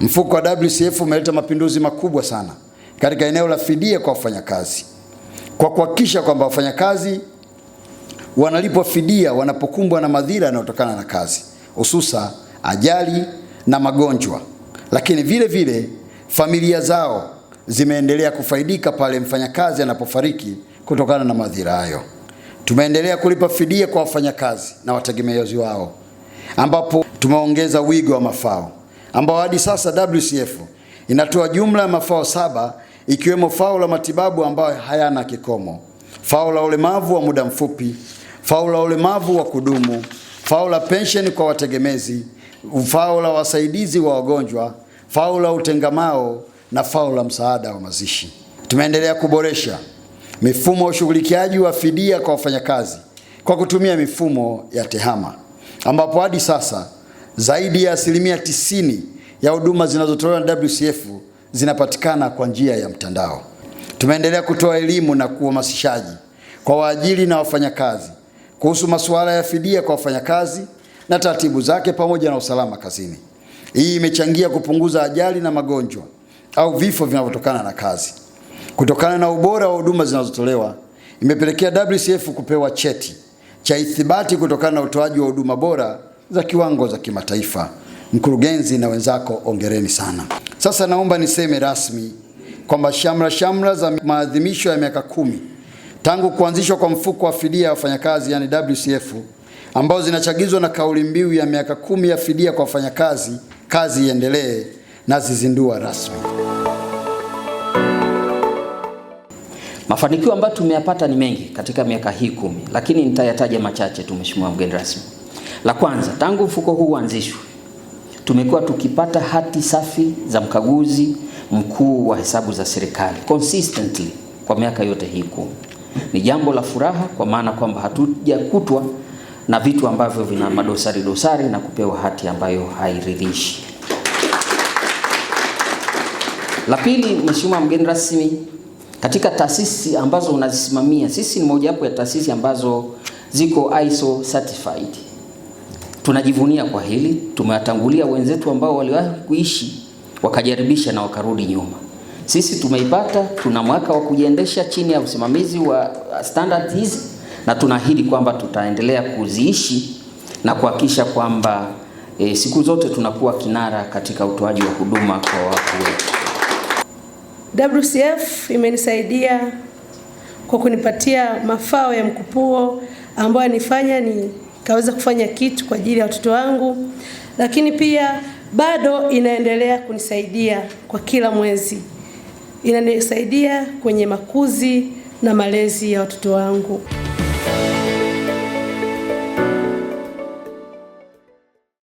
Mfuko wa WCF umeleta mapinduzi makubwa sana katika eneo la fidia kwa wafanyakazi kwa kuhakikisha kwamba wafanyakazi wanalipwa fidia wanapokumbwa na madhira yanayotokana na kazi, hususa ajali na magonjwa, lakini vile vile familia zao zimeendelea kufaidika pale mfanyakazi anapofariki kutokana na madhira hayo. Tumeendelea kulipa fidia kwa wafanyakazi na wategemezi wao, ambapo tumeongeza wigo wa mafao ambao hadi sasa WCF inatoa jumla ya mafao saba ikiwemo fao la matibabu ambayo hayana kikomo, fao la ulemavu wa muda mfupi, fao la ulemavu wa kudumu, fao la pensheni kwa wategemezi, fao la wasaidizi wa wagonjwa, fao la utengamao na fao la msaada wa mazishi. Tumeendelea kuboresha mifumo ya ushughulikiaji wa fidia kwa wafanyakazi kwa kutumia mifumo ya TEHAMA ambapo hadi sasa zaidi ya asilimia tisini ya huduma zinazotolewa na WCF zinapatikana kwa njia ya mtandao. Tumeendelea kutoa elimu na kuhamasishaji kwa waajiri na wafanyakazi kuhusu masuala ya fidia kwa wafanyakazi na taratibu zake pamoja na usalama kazini. Hii imechangia kupunguza ajali na magonjwa au vifo vinavyotokana na kazi. Kutokana na ubora wa huduma zinazotolewa, imepelekea WCF kupewa cheti cha ithibati kutokana na utoaji wa huduma bora za kiwango za kimataifa. Mkurugenzi na wenzako ongereni sana. Sasa naomba niseme rasmi kwamba shamra shamra za maadhimisho ya miaka kumi tangu kuanzishwa kwa mfuko wa fidia ya wafanyakazi yani WCF, ambao zinachagizwa na kauli mbiu ya miaka kumi ya fidia kwa wafanyakazi, kazi iendelee, na zizindua rasmi. Mafanikio ambayo tumeyapata ni mengi katika miaka hii kumi, lakini nitayataja machache tu, Mheshimiwa mgeni rasmi. La kwanza, tangu mfuko huu uanzishwe tumekuwa tukipata hati safi za mkaguzi mkuu wa hesabu za serikali consistently kwa miaka yote hii kumi. Ni jambo la furaha kwa maana kwamba hatujakutwa na vitu ambavyo vina madosari dosari na kupewa hati ambayo hairidhishi. La pili, Mheshimiwa mgeni rasmi, katika taasisi ambazo unazisimamia, sisi ni mojawapo ya taasisi ambazo ziko ISO certified. Tunajivunia kwa hili, tumewatangulia wenzetu ambao waliwahi kuishi wakajaribisha na wakarudi nyuma. Sisi tumeipata, tuna mwaka wa kujiendesha chini ya usimamizi wa standard hizi, na tunaahidi kwamba tutaendelea kuziishi na kuhakikisha kwamba e, siku zote tunakuwa kinara katika utoaji wa huduma kwa watu wetu. WCF imenisaidia kwa kunipatia mafao ya mkupuo ambayo yanifanya ni kaweza kufanya kitu kwa ajili ya watoto wangu, lakini pia bado inaendelea kunisaidia kwa kila mwezi, inanisaidia kwenye makuzi na malezi ya watoto wangu.